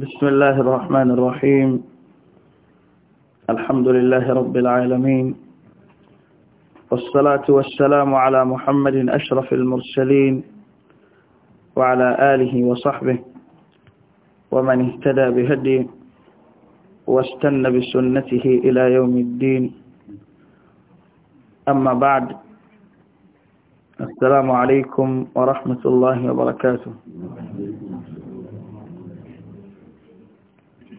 بسم الله الرحمن الرحيم الحمد لله رب العالمين والصلاة والسلام على محمد أشرف المرسلين وعلى آله وصحبه ومن اهتدى بهديه واستنى بسنته إلى يوم الدين أما بعد السلام عليكم ورحمة الله وبركاته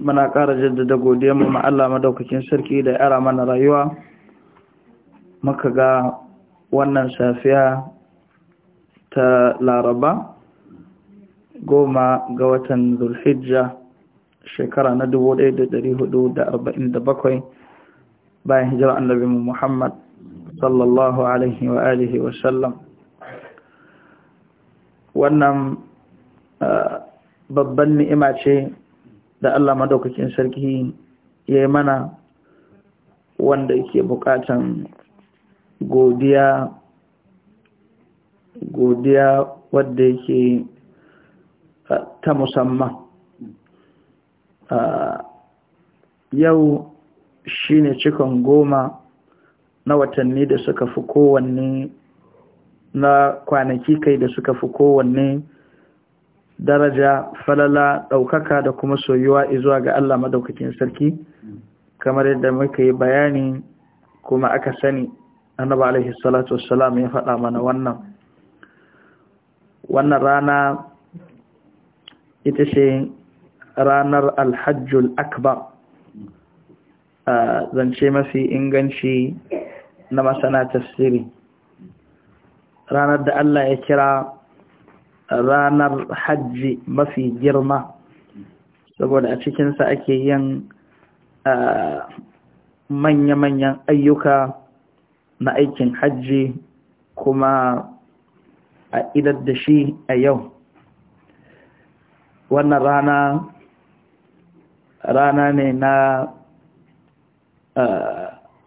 muna ƙara jaddada godiyar mu Allah madaukakin sarki da yara mana rayuwa muka ga wannan safiya ta laraba goma ga watan zulhijja shekara na 1447 bayan hijira annabi Muhammad sallallahu alaihi wa alihi wa sallam wannan ah, babban ni'ima ce da Allah madaukakin sarki ya yi mana wanda yake bukatan godiya godiya wadda yake ah, ta musamman ah, yau shi ne cikon goma na watanni da suka fi kowanne na kwanaki kai da suka fi kowanne daraja falala ɗaukaka da kuma soyuwa izuwa ga Allah madaukakin sarki kamar yadda muka yi bayani kuma aka sani annaba alaihi salatu wassalam ya faɗa mana wannan wannan rana ita ce ranar alhajjul akbar zance mafi inganci na masana tasiri ranar da Allah ya kira ranar hajji mafi girma saboda a cikinsa ake yin manya-manyan ayyuka na aikin hajji kuma a idar da shi a yau wannan rana rana ne na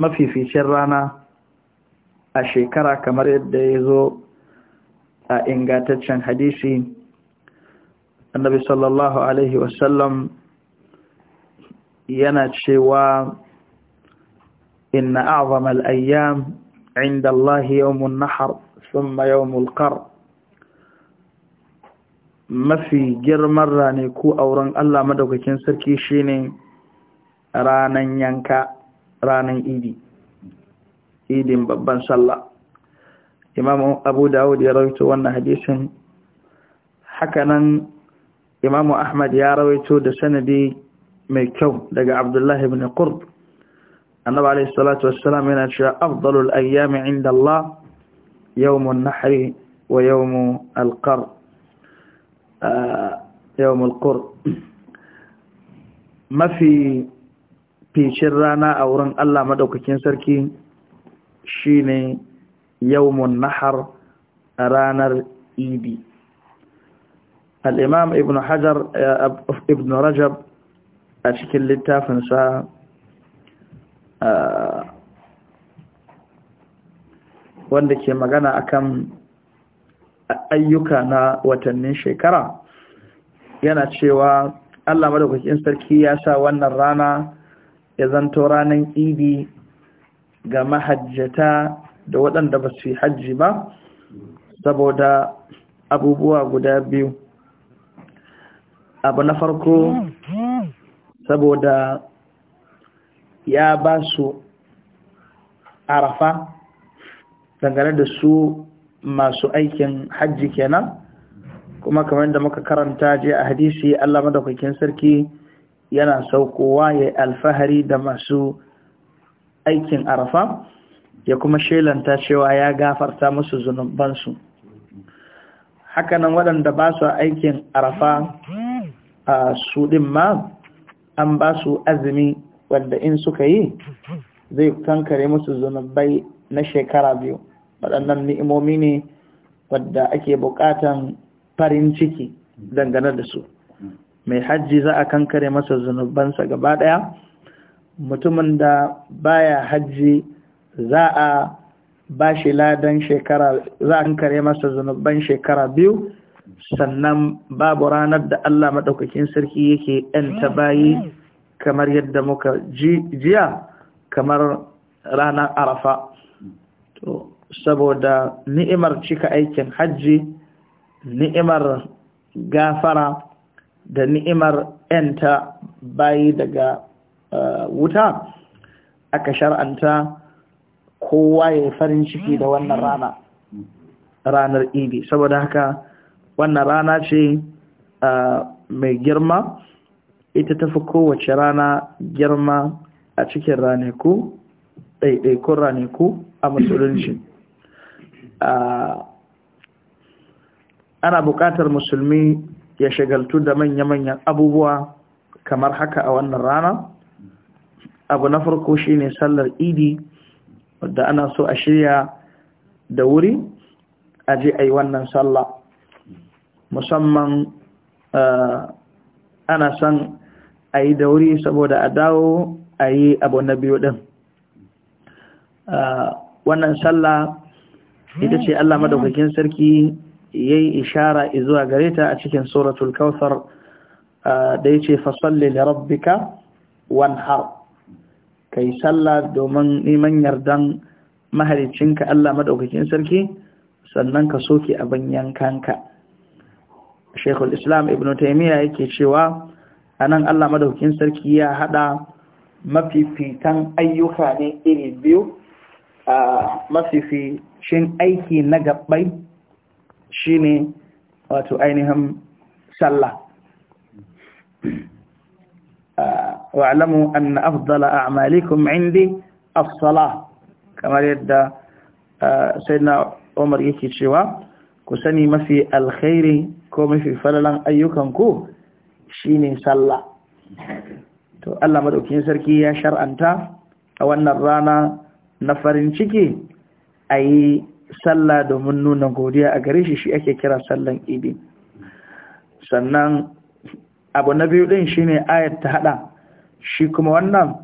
mafificin rana a shekara kamar yadda ya zo a ingantaccen hadisi annabi sallallahu alaihi wasallam yana cewa inna a'zama al-ayyam 'inda Allah yawm an-nahr thumma yawm al-qar mafi girman ku auren Allah madaukakin sarki shine ranan yanka ranan idi idin babban sallah إمام أبو داود يا يرويت وانا حديث حكنا إمام أحمد يرويت دسنة دي ميكو لقى عبد الله بن قرب النبي عليه الصلاة والسلام من أشياء أفضل الأيام عند الله يوم النحر ويوم القر آه، يوم القر ما في في شرانا أو رن الله مدوك كنسر كي شيني yawmun nahar a ranar idi al'imam ibn hajar eh, ibn rajab a cikin littafinsa eh, wanda ke magana akan ayyuka na watannin shekara yana cewa Allah madaukakin sarki ya sa wannan rana ya zanto ranar idi ga mahajjata da waɗanda ba su yi hajji ba saboda abubuwa guda biyu abu na farko saboda ya ba su arafa dangane da su masu aikin hajji kenan kuma kamar da muka karanta je a hadisi Allah madaukakin sarki yana saukowa ya alfahari da masu aikin arafa ya kuma shelanta cewa ya gafarta musu zunubansu hakanan waɗanda ba su aikin arafa a su ɗin ma an ba su azumi wanda in suka yi zai kankare musu zunubai na shekara biyu waɗannan ni'imomi ne wadda ake buƙatan farin ciki dangane da su mai hajji za a kankare masa zunubansa gaba ɗaya mutumin da baya hajji za a ba shi ladan shekara za a kare masa zunuban shekara biyu sannan babu ranar da Allah maɗaukakin sarki yake ‘yanta bayi kamar yadda muka jiya kamar ranar arafa saboda ni'imar cika aikin hajji ni'imar gafara da ni'imar ɗanta bayi daga eh, wuta aka shar'anta kowa ya farin ciki da wannan mm-hmm. rana ranar idi saboda haka wannan rana ce mai girma ita tafi kowace rana girma a cikin raneku ɗaiɗaikun raneku a musulunci ana buƙatar musulmi ya shagaltu da manya-manyan abubuwa kamar haka a wannan rana abu na farko shine sallar idi wadda ana so a shirya da wuri a je a yi wannan sallah musamman eh, ana son a yi da wuri saboda a dawo a yi abu na biyu ɗin eh, wannan sallah ita ce Allah madaukakin sarki ya yi ishara izuwa gare ta a cikin suratul kawthar eh, da ya ce fasalli da rabbika wanhar ka yi sallah domin neman yardan mahalicinka Allah maɗaukakin sarki sannan ka soke abin yankanka shekul islam ibn taimiyya yake cewa a nan Allah maɗaukakin sarki ya haɗa mafifitan ayyuka ne iri biyu a mafificin aiki na gabbai shine wato ainihin sallah واعلموا أن أفضل أعمالكم عندي الصلاة كما يدى سيدنا عمر يكي شوا كسني ما في الخير كوم في فللا أيكم كو شيني صلى to Allah madaukakin sarki ya shar'anta a wannan rana na farin ciki ayi sallah domin nuna godiya a gare shi shi ake kira sallan idi sannan abu na biyu shi shine ayat ta haɗa. shi kuma wannan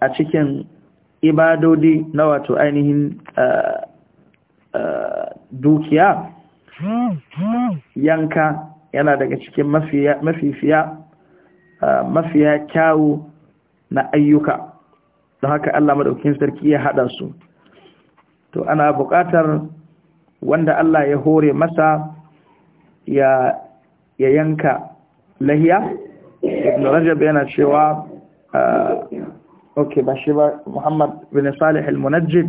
a cikin ibadodi na wato ainihin dukiya yanka yana daga cikin mafifiya mafiya kyawu na ayyuka don haka Allah madaukin sarki ya haɗa su to ana buƙatar wanda Allah ya hore masa ya yanka lahiya ibn rajab yana cewa uh, ok ba shi ba muhammad bin salih al-munajjid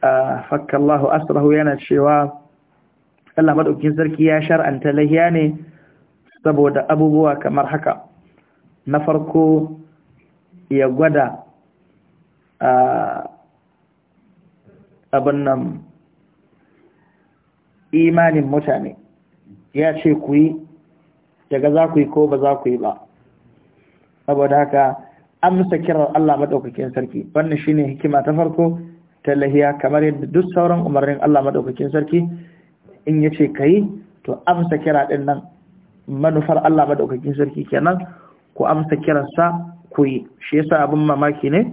uh, fakka allahu asrahu yana cewa allah madaukin sarki ya shar'anta lahiya ne saboda abubuwa kamar haka na farko ya gwada uh, abin nan imanin mutane ya ce ku yi Daga za ku yi ko ba za ku yi ba saboda haka amsa kirar Allah maɗaukakin sarki wannan shine hikima ta farko ta lahiya kamar yadda duk sauran umarnin Allah maɗaukakin sarki in yace yi to amsa kira ɗin nan manufar Allah maɗaukakin sarki kenan ku amsa kiransa ku yi shi yasa abin mamaki ne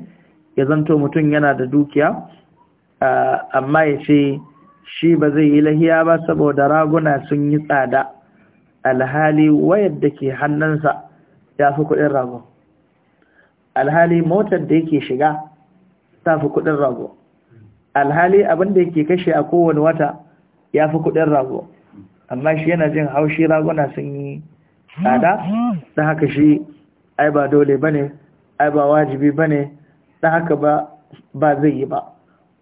ya zanto mutum yana da dukiya ah, amma ya ce shi ba zai yi lahiya ba saboda raguna sun yi tsada alhali wayar da ke hannunsa ya fi kudin rago alhali motar da yake shiga ta fi kudin rago alhali abin da yake kashe a kowane wata ya fi kudin rago amma shi yana jin haushi raguna sun yi tsada da haka shi ai ba dole ba ne ai ba wajibi ba ne da haka ba zai yi ba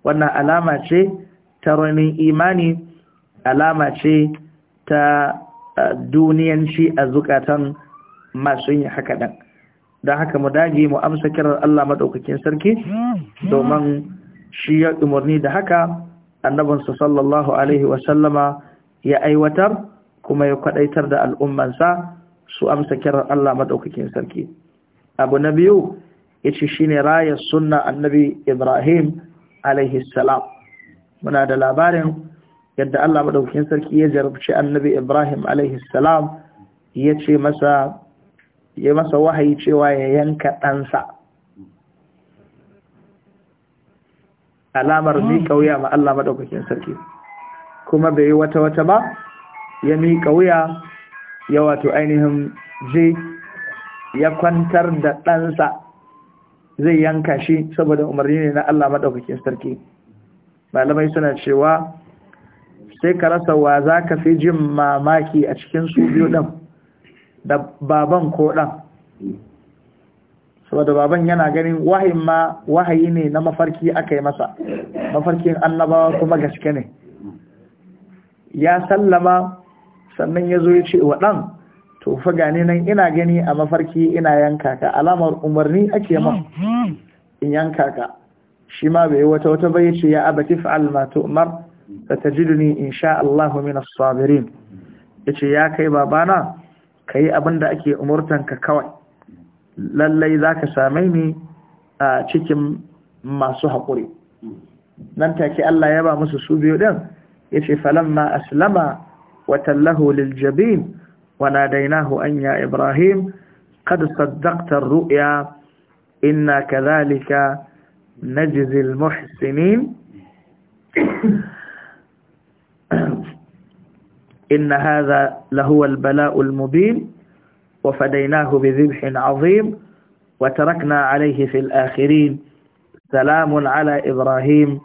wannan alama ce ta ranin imani alama ce ta duniyanci a zukatan masu yin haka ɗan don haka mu dage mu amsa kirar Allah maɗaukakin sarki domin shi ya umarni da haka annabinsa sallallahu alaihi wasallama ya aiwatar kuma ya kwaɗaitar da al'ummansa su amsa kirar Allah maɗaukakin sarki abu na biyu ya ce shi ne rayar sunna annabi ibrahim alaihi salam muna da labarin yadda Allah maɗaukin sarki ya jarabci annabi Ibrahim alaihi ya ce masa ya masa wahayi cewa ya yanka ɗansa alamar hmm. miƙa wuya ma Allah madaukakin sarki kuma bai yi wata wata ba ya miƙa wuya ya wato ainihin je ya kwantar da ɗansa zai yanka shi saboda umarni ne na Allah maɗaukakin sarki malamai suna cewa sai ka rasa wa za ka fi jin mamaki a cikin su biyu ɗan da baban ko ɗan saboda baban yana ganin wahayin ma wahayi ne na mafarki aka yi masa mafarkin annabawa kuma gaske ne ya sallama sannan ya zo ya ce wa ɗan to gane nan ina gani a mafarki ina yanka ka alamar umarni ake ma in yanka ka shi ma bai wata wata bai ce ya abatif fa'al ma فتجدني إن شاء الله من الصابرين إيشي ياكي بابانا كي أبند أكي أمرتن ككوي للي ذاك ساميني تيكي آه، ما سحقوري ننتكي ألا يبا مسو سوبيو دين إيشي فلما أسلم وتله للجبين وناديناه أن يا إبراهيم قد صدقت الرؤيا إنا كذلك نجزي المحسنين إن هذا لهو البلاء المبين وفديناه بذبح عظيم وتركنا عليه في الآخرين سلام على إبراهيم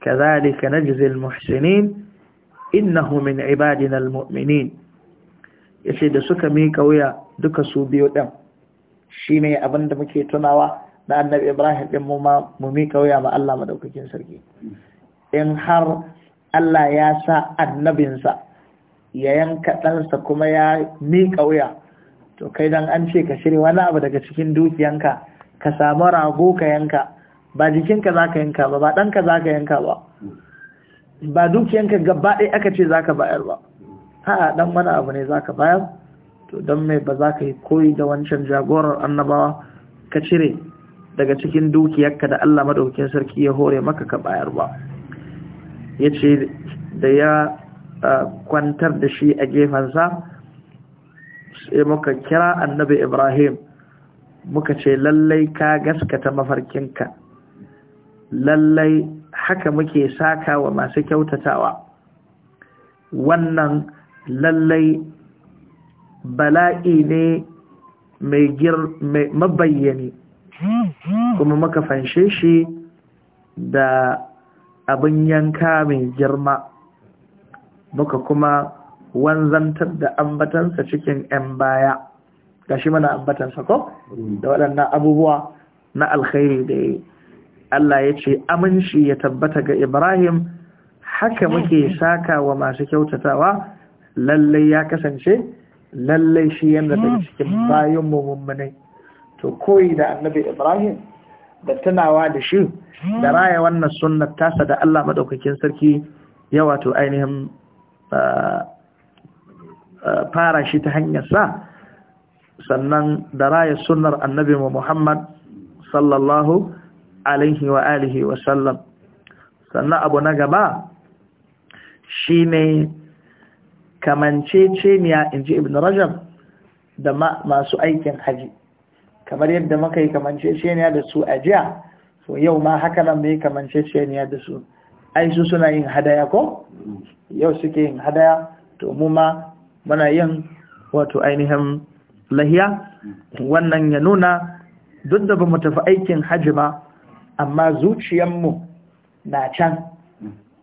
كذلك نجزي المحسنين إنه من عبادنا المؤمنين yace da suka mika wuya duka su biyu din shine abin da muke tunawa na annabi Ibrahim din mu ma mu mika wuya ma Allah madaukakin sarki in har Allah ya sa annabinsa ya yanka ɗansa kuma ya miƙa wuya to kai don an ce ka shirya wani abu daga cikin dukiyanka ka samu rago ka yanka ba jikinka za ka yanka ba ba ɗanka za ka yanka ba ba dukiyanka gaba ɗaya aka ce za ka bayar ba ha ɗan wani abu ne za ka bayar to don mai ba za ka yi koyi da wancan jagorar annabawa ka cire daga cikin dukiyarka da Allah madaukakin sarki ya hore maka ka bayar ba ya ce da ya kwantar da shi a gefensa sai muka kira annabi ibrahim muka ce lallai ka gaskata mafarkinka lallai haka muke saka wa masu kyautatawa wannan lallai bala'i ne mai mabayyani kuma muka fanshe shi da abin yanka mai girma muka kuma wanzantar da ambatansa cikin 'yan baya ga shi mana ambatansa ko mm. da waɗannan abubuwa na alkhairi da ya Allah ya ce aminci ya tabbata ga Ibrahim haka muke saka wa masu kyautatawa lallai ya kasance lallai shi yadda daga mm. cikin bayan mummunai to koyi da annabi Ibrahim da tunawa da shi da raya wannan sunnar tasa da Allah maɗaukakin sarki ya wato ainihin fara shi ta hanyar sa sannan da raya sunnar annabi Muhammad sallallahu alaihi wa alihi wa sallam sannan abu na gaba shine kamanceceniya inji ibn rajab da masu aikin haji kamar yadda muka yi kamanceceniya da su a jiya so yau ma haka nan mai kamanceceniya da su ai su suna yin hadaya ko yau suke yin hadaya to mu ma muna yin wato ainihin lahiya wannan ya nuna duk da ba mu tafi aikin haji ba amma zuciyanmu na can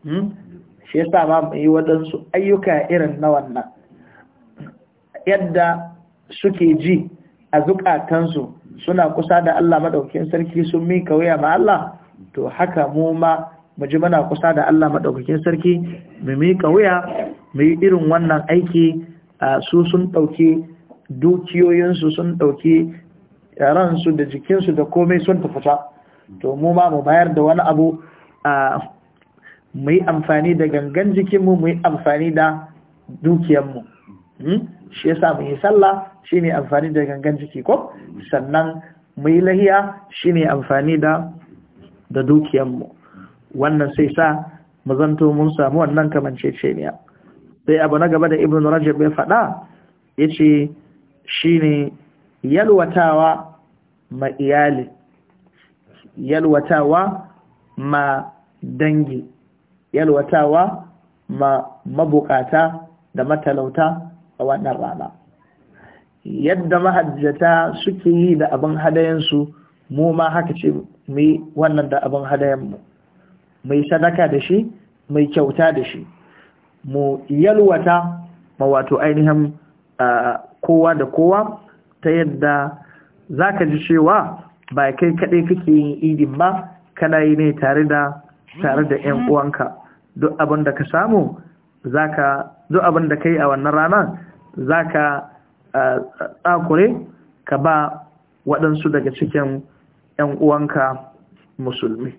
hmm? shi yasa ma mu yi waɗansu ayyuka irin na wannan yadda suke ji a zukatansu suna kusa da Allah maɗaukakin sarki sun mika wuya ma Allah to haka mu ma mu ji muna kusa da Allah maɗaukakin sarki mu mi waya mu yi irin wannan aiki su sun ɗauki dukiyoyinsu sun ɗauki ransu da jikinsu da komai sun tafasa. to mu ma mu bayar da wani abu mu yi amfani da gangan jikinmu mu yi amfani da dukiyarmu hmm? shi yasa mu yi sallah Shi ne amfani da gangan jiki ko sannan mu yi lahiya shine amfani da da wannan sai sa mu zanto mun samu wannan kamanceceniya sai abu na gaba da ibn rajab ya faɗa shi ne yalwatawa ma iyali yalwatawa ma dangi yalwatawa ma mabukata da matalauta a wannan rana yadda mahajjata suke yi da abin hadayensu mu ma haka ce mai wannan da abin hadayenmu mai sadaka da shi mai kyauta da shi mu yalwata ma wato ainihin kowa da kowa ta yadda za ka ji cewa ba kai kaɗai kake yin idin ba kana yi ne tare da tare da 'yan uwanka duk abin da ka samu ka duk abin da ka yi a wannan rana zaka tsakure ka ba waɗansu daga cikin 'yan uwanka musulmi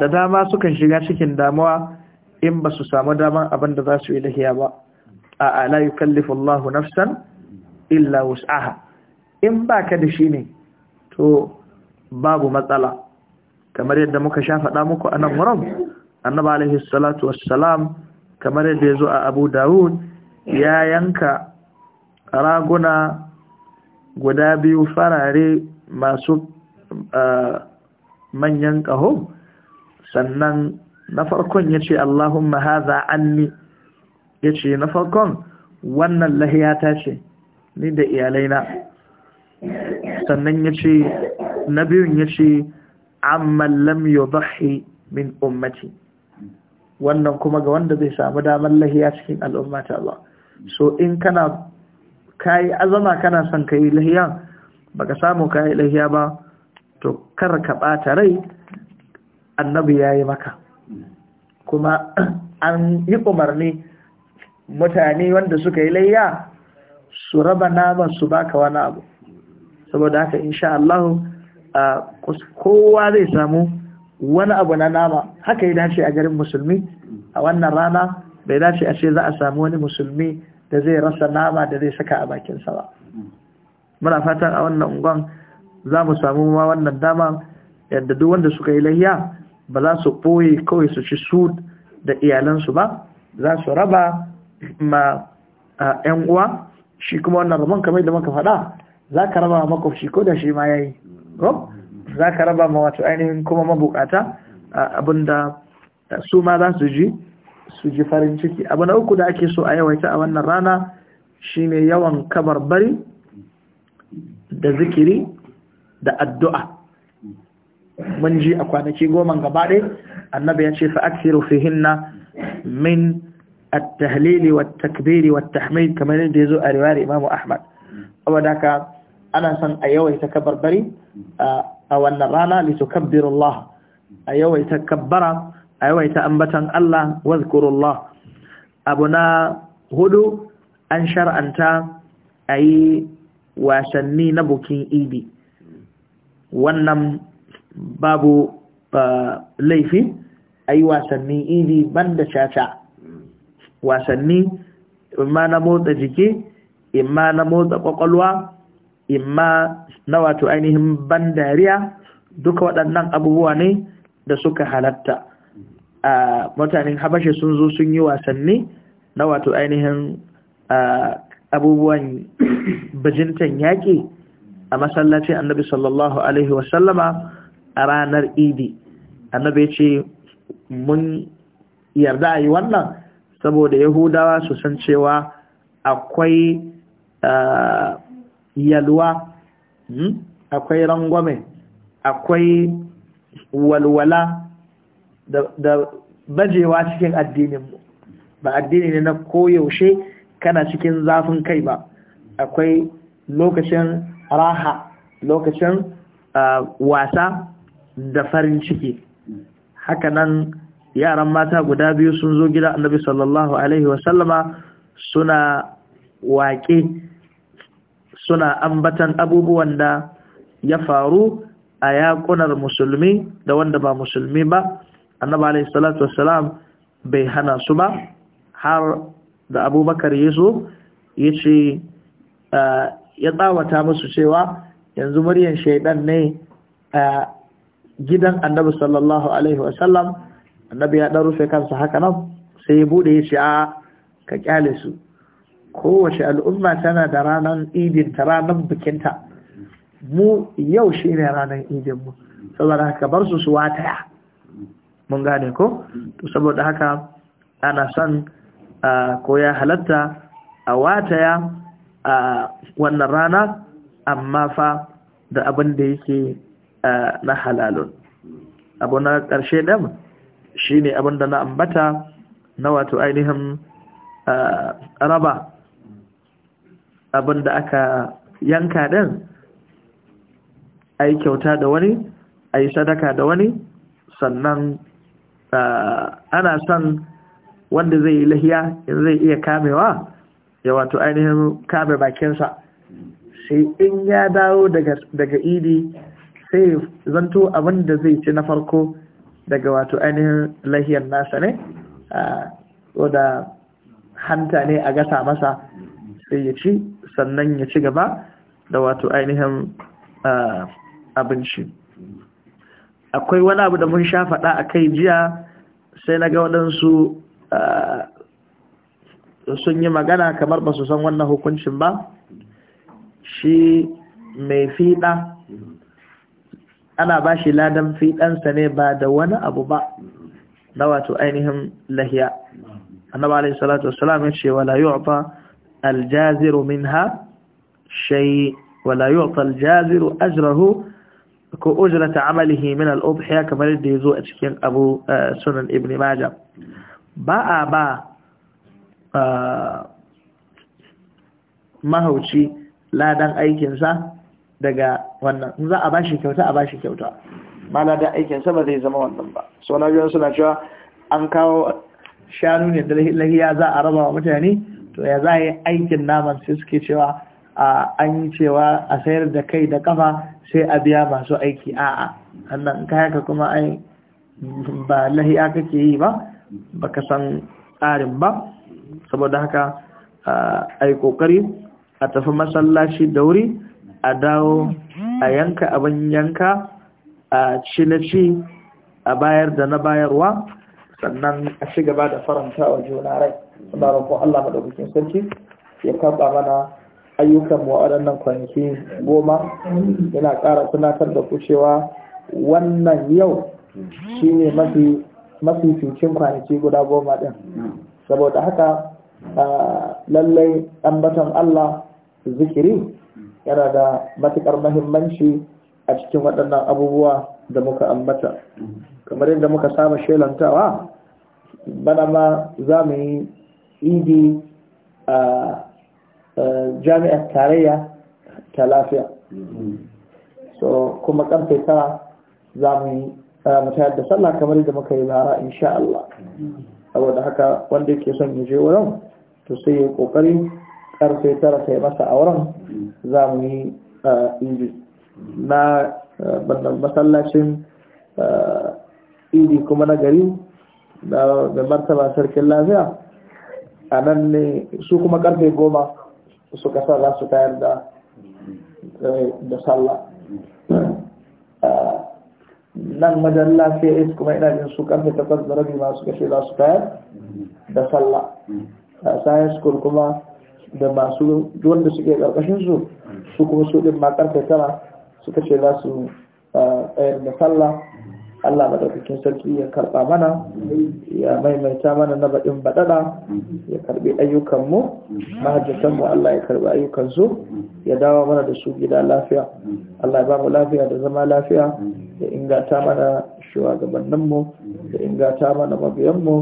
da dama sukan shiga cikin damuwa in ba su samu daman abin da za su yi lahiya ba a ala yi kallifullahu nafsan illa wus'aha in ba ka da shi ne to babu matsala kamar yadda muka sha faɗa muku a nan wurin annaba alaihi salatu salam, kamar yadda ya zo a abu dawud ya yanka raguna guda biyu farare masu manyan ƙaho sannan na farkon ya ce Allahumma haza anni ya ce na farkon wannan lahiya ta ce ni da iyalaina sannan ya ce na biyun ya ce amman lam min ummati wannan kuma ga wanda zai samu damar lahiya cikin al'ummata ba. so in kana kayi azama kana son kayi lahiya baka samu kayi lahiya ba to kar ka bata rai annabi yayi maka kuma an yi umarni mutane wanda suka yi layya su raba naman su baka wani abu saboda haka insha Allah kowa zai samu wani abu na nama haka ya dace a garin musulmi a wannan rana bai dace a ce za a samu wani musulmi da zai rasa nama da zai saka a bakinsa ba muna fatan a wannan unguwan za mu samu ma wannan dama yadda duk wanda suka yi layya ba za su ɓoye kawai su ci su da iyalansu ba za su raba ma ‘yan uwa shi kuma wannan rabon kamar da muka faɗa za ka raba ma makwabci ko da shi ma ya yi za ka raba ma wato ainihin kuma mabukata abinda su ma za su ji su ji farin ciki abu na uku da ake so a yawaita a wannan rana shine yawan kabarbari da zikiri da addu'a mun ji a kwanaki goman gaba ɗaya annabi ya ce fa'aksiru fihinna min at-tahlili wat-takbiri wa tahmid kamar yadda yazo a riwayar Imam Ahmad saboda haka ana son a yawaita kabarbari a wannan rana li tukabbiru a yawaita kabbara ayawaita ambatan Allah wazkurullah abu na hudu an shar'anta ayi yi wasanni na bukin idi wannan babu eh, laifi a yi wasanni idi banda caca wasanni imma na motsa jiki imma na motsa kwakwalwa imma na wato ainihin ban dariya duka waɗannan abubuwa ne da suka halatta a mutanen habasha sun zo sun yi wasanni na wato ainihin abubuwan bajintan yaƙi a masallacin annabi sallallahu alaihi wasallama a ranar idi annabi ce mun yarda a yi wannan saboda yahudawa su san cewa akwai yalwa hmm, akwai rangwame akwai walwala da bajewa cikin addininmu ba addini ne na koyaushe kana cikin zafin kai ba akwai lokacin raha lokacin wasa da farin ciki Haka nan, yaran mata guda biyu sun zo gida annabi sallallahu alaihi wasallama suna waƙe suna ambatan abubuwan da ya faru a yakunar musulmi da wanda ba musulmi ba annaba alayhi salatu wassalam bai hana su ba har da abubakar ya zo ya ce ah, ya tsawata musu cewa yanzu muryan shaidan ne a gidan annabi sallallahu alaihi wasallam annabi ya dan rufe kansa haka nan sai ya bude ya ce a ah, ka kyale su kowace al'umma tana da ranar idin ta ranar bikinta mu yau shine ranar idin mu saboda haka bar su su wataya mun gane ko to saboda haka ana san a koya halatta a wataya a wannan rana amma fa da abin da yake na halalun abu na ƙarshe ɗan shi ne abin da na ambata na wato ainihin raba abin da aka yanka ɗin a kyauta da wani a sadaka da wani sannan ana son wanda zai yi lahiya in zai iya kamewa ya wato ainihin kame bakinsa sai in ya dawo daga idi sai zanto abin da zai ci na farko daga wato ainihin lahiyar nasa ne da hanta ne a gasa masa sai ya ci sannan ya ci gaba da wato ainihin abinci akwai wani abu da mun sha faɗa a kai jiya sai na ga waɗansu sun yi magana kamar ba su san wannan hukuncin ba shi mai fiɗa ana ba shi ladan fiɗansa ne ba da wani abu ba na wato ainihin lahiya annaba alaihi salatu wasalam ya ce wala yu'ta aljaziru minha shay wala yu'ta aljaziru ajrahu ko ujrata amalihi min al-udhiya kamar da yazo a cikin Abu eh, Sunan Ibn Majah ba a ba eh, mahauci ladan aikinsa daga wannan in za a bashi kyauta a bashi kyauta ma ladan aikinsa ba zai zama wannan ba so na biyan suna cewa an kawo shanu ne da lahiya za a raba wa mutane to ya za a yi aikin naman sai suke cewa an yi cewa a sayar da kai da kafa sai a biya masu aiki a'a annan ka kuma ai ba lahiya kake yi ba ba ka san tsarin ba saboda haka ai kokari a tafi masallaci da wuri a dawo a yanka abin yanka a ci na ci a bayar da na bayarwa sannan a ci gaba da faranta wa juna rai suna roƙon Allah bukin sarki ya kaba mana ayyukan mu waɗannan kwanaki goma yana ƙara tunatar da ku cewa wannan yau shi ne mafi cikin kwanaki guda goma ɗin saboda haka lallai batan Allah zikiri yana da matuƙar mahimmanci a cikin waɗannan abubuwa da muka ambata kamar yadda muka samu shelantawa bana ma za mu yi idi a jami'ar tarayya ta lafiya so kuma karfe tara za mu yi mutayar da sallah kamar da muka yi bara insha Allah saboda haka wanda yake son ya je wurin to sai ya kokari karfe tara sai masa a wurin za mu yi eh, inji na eh, bandan masallacin eh, idi kuma na da martaba sarkin lafiya a nan ne su kuma karfe goma su kasa za su tayar da da sallah nan majalla sai is kuma ina jin su karfe takwas da rabi masu kashe za su tayar da sallah science school kuma da masu wanda suke karkashin su su kuma su din ma karfe tara su kashe za su tsayar da sallah Allah madaukakin sarki ya karba mana ya maimaita mana na baɗin baɗaɗa ya karbi ayyukanmu mahajjatanmu Allah ya karbi ayyukansu ya dawo mana da su gida lafiya Allah ya ba mu lafiya da zama lafiya ya ingata mana shugabanninmu ya ingata mana mabiyanmu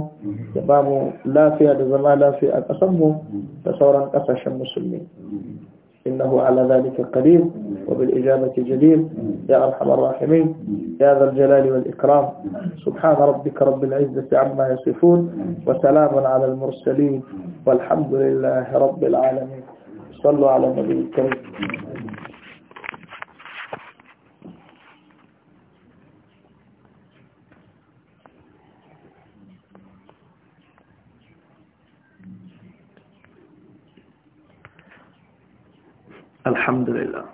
ya ba mu lafiya da zama lafiya a ƙasanmu da sauran ƙasashen musulmi إنه على ذلك القدير وبالإجابة جدير يا أرحم الراحمين يا ذا الجلال والإكرام سبحان ربك رب العزة عما يصفون وسلام على المرسلين والحمد لله رب العالمين صلوا على النبي الكريم الحمد لله